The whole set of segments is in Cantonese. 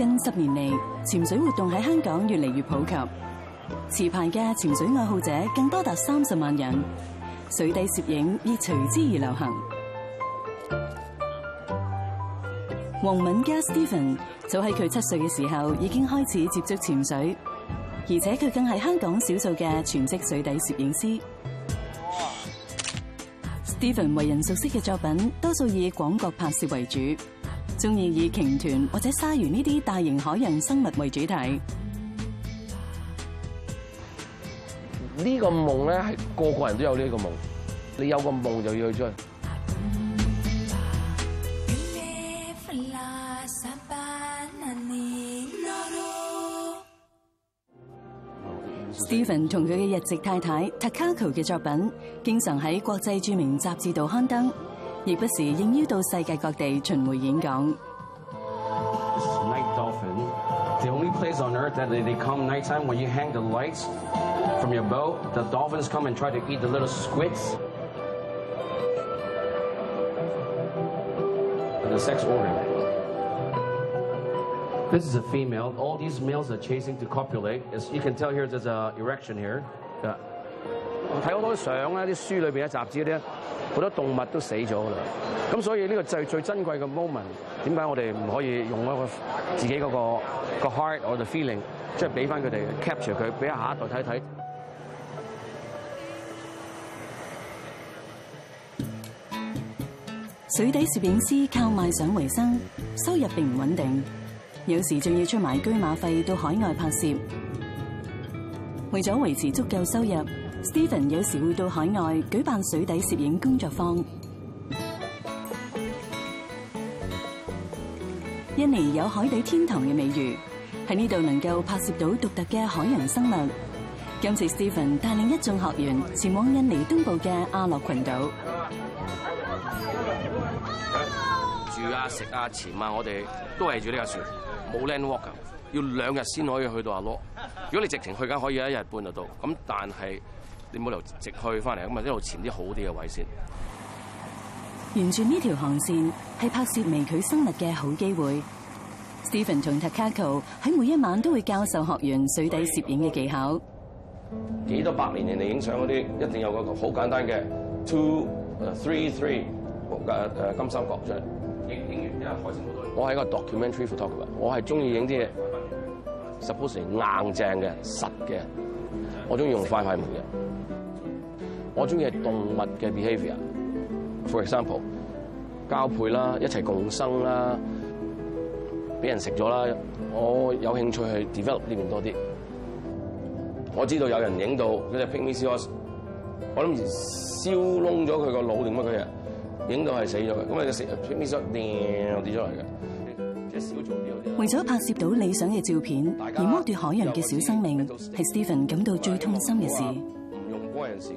近十年嚟，潛水活動喺香港越嚟越普及，持牌嘅潛水愛好者更多達三十萬人，水底攝影亦隨之而流行。 王敏嘉 Stephen 早喺佢七歲嘅時候已經開始接觸潛水，而且佢更係香港少數嘅全職水底攝影師。 Stephen 為人熟悉嘅作品，多數以廣角拍攝為主。中意以鯨豚或者鯊魚呢啲大型海洋生物為主題。呢個夢咧係個個人都有呢個夢，你有個夢就要去追。Stephen 同佢嘅日籍太太 Takako 嘅作品，經常喺國際著名雜誌度刊登。時不時應邀到世界各地巡迴演講。睇好多相咧，啲書裏邊、一雜誌啲，好多動物都死咗啦。咁所以呢個就係最珍貴嘅 moment。點解我哋唔可以用一個自己嗰個個 heart，我嘅 feeling，即係俾翻佢哋 capture 佢，俾下一代睇睇？水底攝影師靠賣相為生，收入並唔穩定，有時仲要出埋車馬費到海外拍攝，為咗維持足夠收入。Stephen 有時會到海外舉辦水底攝影工作坊。印尼有海底天堂嘅美譽，喺呢度能夠拍攝到獨特嘅海洋生物。今次 Stephen 帶領一眾學員前往印尼東部嘅阿洛群島。住啊，食啊，前晚，我哋都係住呢架船，冇 land walk，要兩日先可以去到阿洛。如果你直程去，梗可以一日半就到。咁但係。你冇留直去翻嚟，咁咪一路前啲好啲嘅位先。沿住呢條航線係拍攝微距生物嘅好機會。Stephen 同 Takako 喺每一晚都會教授學員水底攝影嘅技巧。幾多百年人嚟影相嗰啲，一定有個好簡單嘅 two three three 金三角出嚟。影影完之後，海鮮好多。我係一個 documentary photographer，我係中意影啲 suppose 硬正嘅、實嘅。我中意用快快門嘅，我中意係動物嘅 behaviour。For example，交配啦，一齊共生啦，俾人食咗啦，我有興趣去 develop 呢邊多啲。我知道有人影到嗰隻 pimyos，我諗燒窿咗佢個腦定乜鬼啊？影到係死咗嘅，咁啊隻 pimyos 掉跌出嚟嘅。為咗拍攝到理想嘅照片，而剝奪海洋嘅小生命，係 Stephen 感到最痛心嘅事。唔用關人事，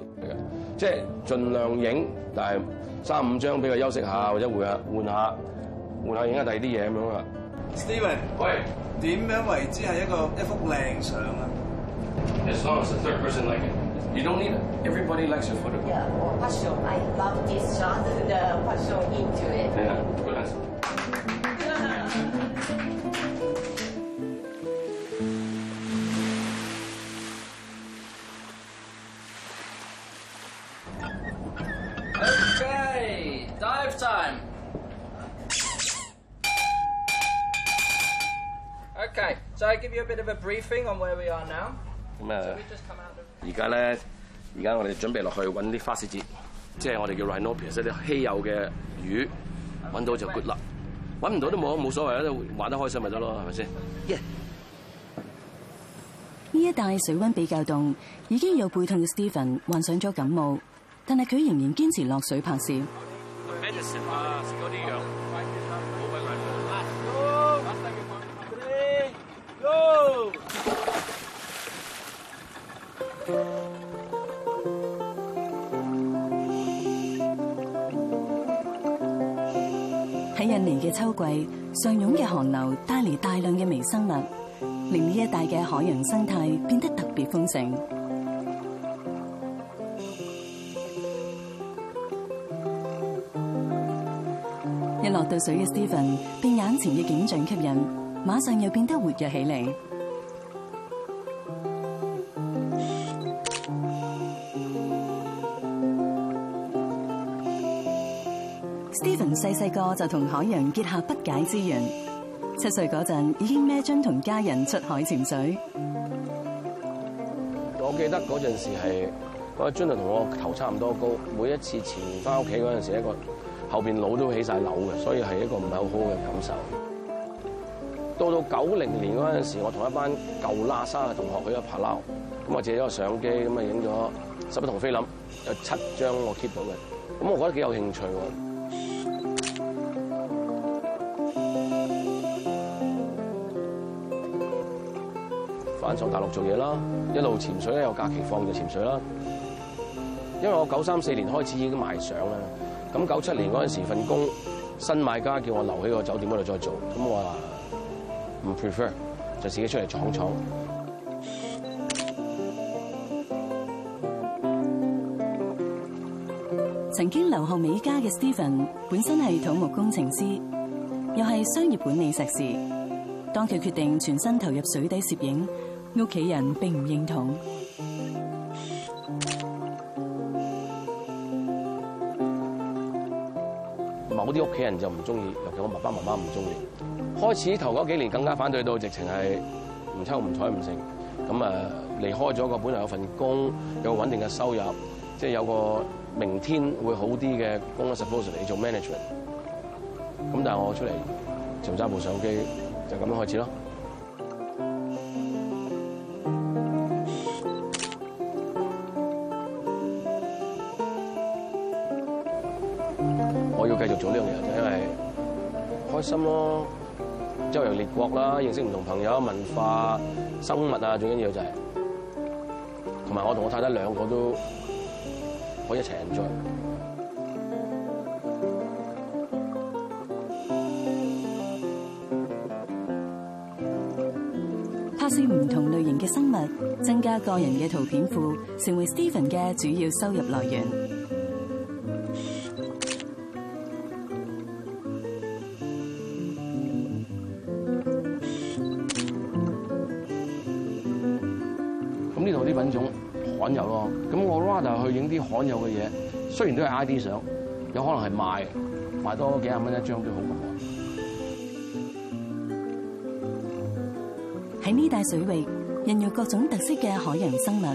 即係儘量影，但係三五張俾佢休息下或者換下換下，換下影下第二啲嘢咁樣啊，Stephen，喂，點樣為之係一個一幅靚相啊？有 briefing on where we are now。咁啊，而家咧，而家我哋準備落去揾啲花石節，即係我哋叫 Rhinopias，一啲稀有嘅魚，揾到就 good 啦，揾唔到都冇，冇所謂啊，玩得開心咪得咯，係咪先？呢一帶水溫比較凍，已經有背痛嘅 Stephen 患上咗感冒，但係佢仍然堅持落水拍攝。喺印尼嘅秋季，上湧嘅寒流帶嚟大量嘅微生物，令呢一帶嘅海洋生態變得特別豐盛。一落到水嘅 Stephen，被眼前嘅景象吸引，馬上又變得活躍起嚟。細個就同海洋結下不解之緣。七歲嗰陣已經孭樽同家人出海潛水。我記得嗰陣時係、嗰個樽就同我頭差唔多高。每一次潛翻屋企嗰陣時，一個後邊腦都起晒瘤嘅，所以係一個唔係好好嘅感受。到到九零年嗰陣時，我同一班舊喇沙嘅同學去咗拍撈，咁我借咗個相機，咁啊影咗十一筒菲林，有七張我 keep 到嘅，咁我覺得幾有興趣喎。返上大陸做嘢啦，一路潛水咧，有假期放就潛水啦。因為我九三四年開始已經賣相啦，咁九七年嗰陣時份、那個、工新買家叫我留喺個酒店嗰度再做，咁我話唔 prefer，就自己出嚟闖闖。曾經留學美加嘅 Stephen，本身係土木工程師，又係商業管理碩士，當佢決定全身投入水底攝影。屋企人並唔認同，某啲屋企人就唔中意，尤其我爸爸媽媽唔中意。開始頭嗰幾年更加反對到，直情係唔抽唔睬唔成。咁啊，離開咗個本來有份工，有個穩定嘅收入，即係有個明天會好啲嘅工作。Suppose 嚟做 management，咁但係我出嚟就揸部相機，就咁樣開始咯。我要繼續做呢樣嘢，就因為開心咯，周遊列國啦，認識唔同朋友，文化、生物啊，最緊要就係，同埋我同我太太兩個都可以一齊人追。拍攝唔同類型嘅生物，增加個人嘅圖片庫，成為 Stephen 嘅主要收入來源。有咯，咁我 rather 去影啲罕有嘅嘢，雖然都係 I D 相，有可能係賣，賣多幾廿蚊一張都好嘅。喺呢帶水域，孕育各種特色嘅海洋生物，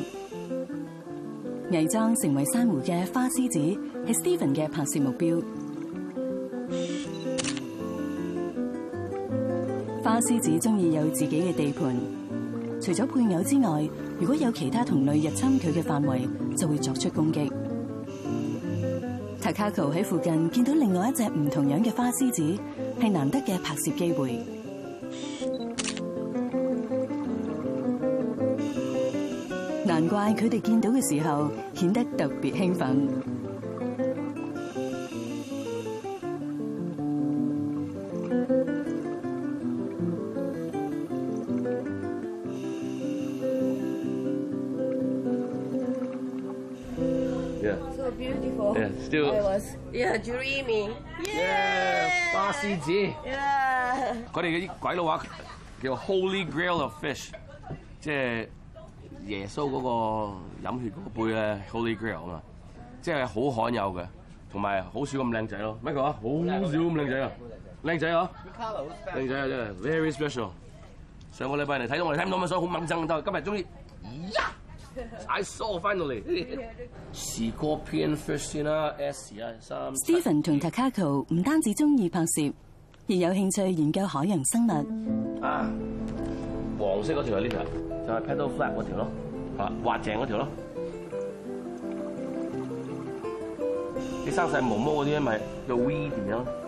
偽裝成為珊瑚嘅花獅子係 Stephen 嘅拍攝目標。花獅子中意有自己嘅地盤。除咗配偶之外，如果有其他同類入侵佢嘅範圍，就會作出攻擊。貴子喺附近見到另外一隻唔同樣嘅花獅子，係難得嘅拍攝機會。難怪佢哋見到嘅時候顯得特別興奮。就係 y e a h j e r e m y y e a h 花獅子，yeah，佢哋嗰啲鬼佬話叫 Holy Grail of fish，即係耶穌嗰個飲血嗰個杯咧，Holy Grail 啊嘛，即係好罕有嘅，同埋好少咁靚仔咯，咩球好少咁靚仔啊，靚仔嗬，靚仔啊，真係 very special。上個禮拜你睇到我哋，睇唔到乜水，好猛增到，今日終於呀！Yeah. I saw finally。 時過片 first 先啦，S 啊三。Stephen 同 Takako 唔單止中意拍攝，而有興趣研究海洋生物。啊，黃色嗰條係呢條，就係、是、pedal flap 嗰條咯，滑滑淨嗰條咯。你生曬毛毛嗰啲咪叫 weedy 點樣？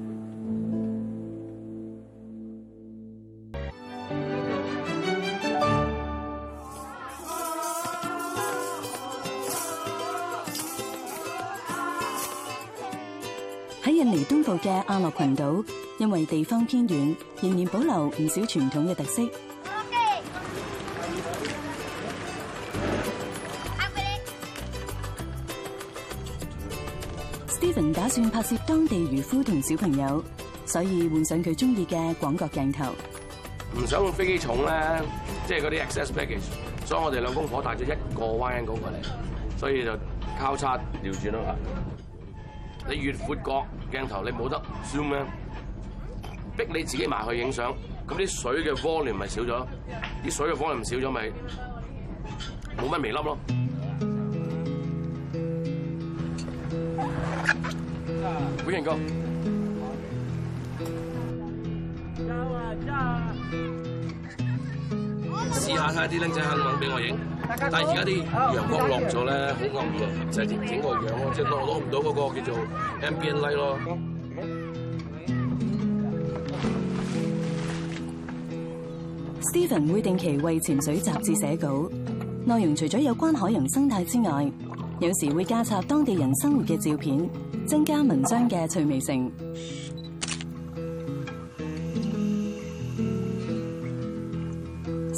嘅阿樂群島，因為地方偏遠，仍然保留唔少傳統嘅特色。Stephen 打算拍攝當地漁夫同小朋友，所以換上佢中意嘅廣角鏡頭。唔想用飛機重咧，即係嗰啲 excess baggage，所以我哋兩公婆帶咗一個 Y 光過嚟，所以就交叉調轉咯吓。你越闊角鏡頭，你冇得 zoom 咩？逼你自己埋去影相，咁啲水嘅 volume 咪少咗？啲水嘅 volume 唔少咗咪冇乜微粒咯？歡、嗯、迎哥。睇下啲靚仔肯唔肯俾我影？但係而家啲陽光落咗咧，好暗啊，就係整個樣咯，即係攞攞唔到嗰個叫做 MBN light 咯。Stephen 會定期為潛水雜誌寫稿，內容除咗有關海洋生態之外，有時會加插當地人生活嘅照片，增加文章嘅趣味性。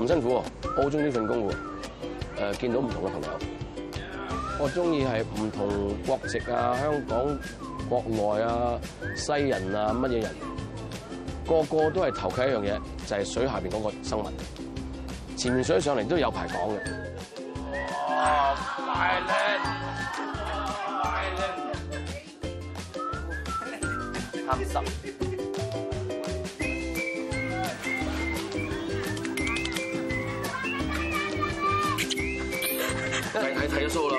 唔辛苦喎，我好鍾意呢份工喎。誒，見到唔同嘅朋友，我中意係唔同國籍啊、香港、國外啊、西人啊、乜嘢人，個個都係投契一樣嘢，就係、是、水下邊嗰個生物。潛水上嚟都有排講嘅。哇！大靚，大靚， 睇睇數啦，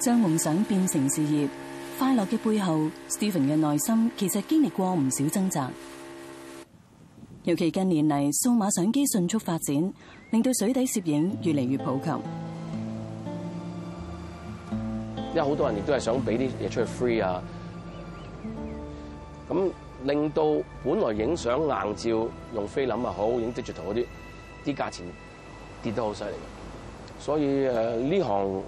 將夢想變成事業，快樂嘅背後，Stephen 嘅內心其實經歷過唔少掙扎。尤其近年嚟，數碼相機迅速發展，令到水底攝影越嚟越普及。因為好多人亦都係想俾啲嘢出去 free 啊，咁。令到本來影相硬照用菲林又好，影 digital 嗰啲，啲價錢跌得好犀利，所以誒呢項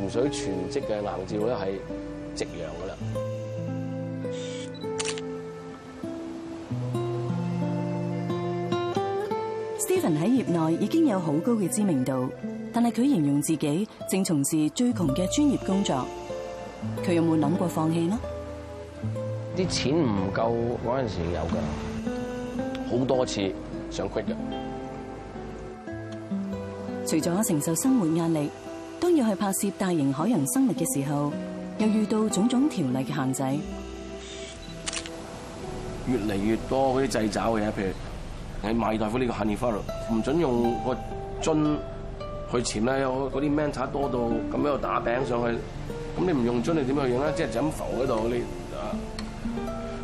潛水全職嘅硬照咧係夕陽噶啦。Stephen 喺業內已經有好高嘅知名度，但係佢形容自己正從事最窮嘅專業工作，佢有冇諗過放棄呢？啲錢唔夠嗰陣時有㗎，好多次想 quit 嘅。除咗承受生活壓力，當要去拍攝大型海洋生物嘅時候，又遇到種種條例嘅限制。越嚟越多嗰啲掣肘嘅嘢，譬如喺馬爾代夫呢個，下年 follow 唔準用個樽去潛啦，有嗰啲 manta 多到咁度打餅上去，咁你唔用樽你點樣用影？即係就咁浮喺度呢？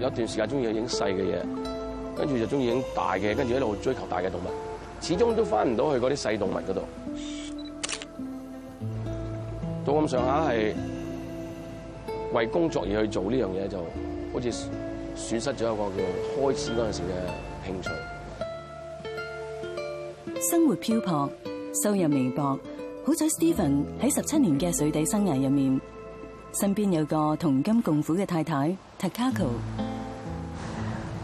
有一段時間中意影細嘅嘢，跟住就中意影大嘅，跟住一路追求大嘅動物，始終都翻唔到去嗰啲細動物嗰度。到咁上下係為工作而去做呢樣嘢，就好似損失咗一個叫開始嗰陣時嘅興趣。生活漂泊，收入微薄，好彩 Stephen 喺十七年嘅水底生涯入面，身邊有個同甘共苦嘅太太 Takako。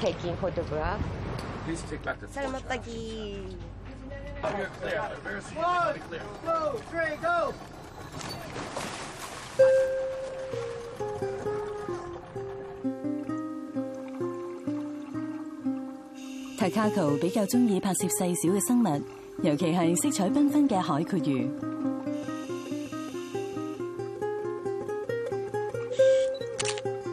最近好多幅啊！謝謝馬達雞。貴子比較中意拍攝細小嘅生物，尤其係色彩繽紛嘅海闊魚。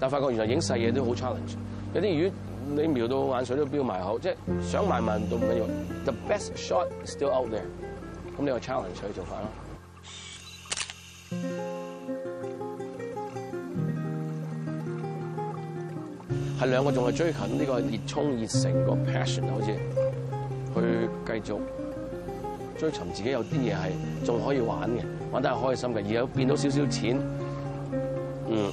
但係發覺原來影細嘢都好 challenge，有啲魚你瞄到眼水都飆埋口，即係想慢慢都唔緊要。The best shot still out there。咁你有 challenge 去做法咯。係 兩個仲係追近呢、呢個熱衷熱誠個 passion 好似去繼續追尋自己有啲嘢係仲可以玩嘅，玩得係開心嘅，而有變到少少錢，嗯。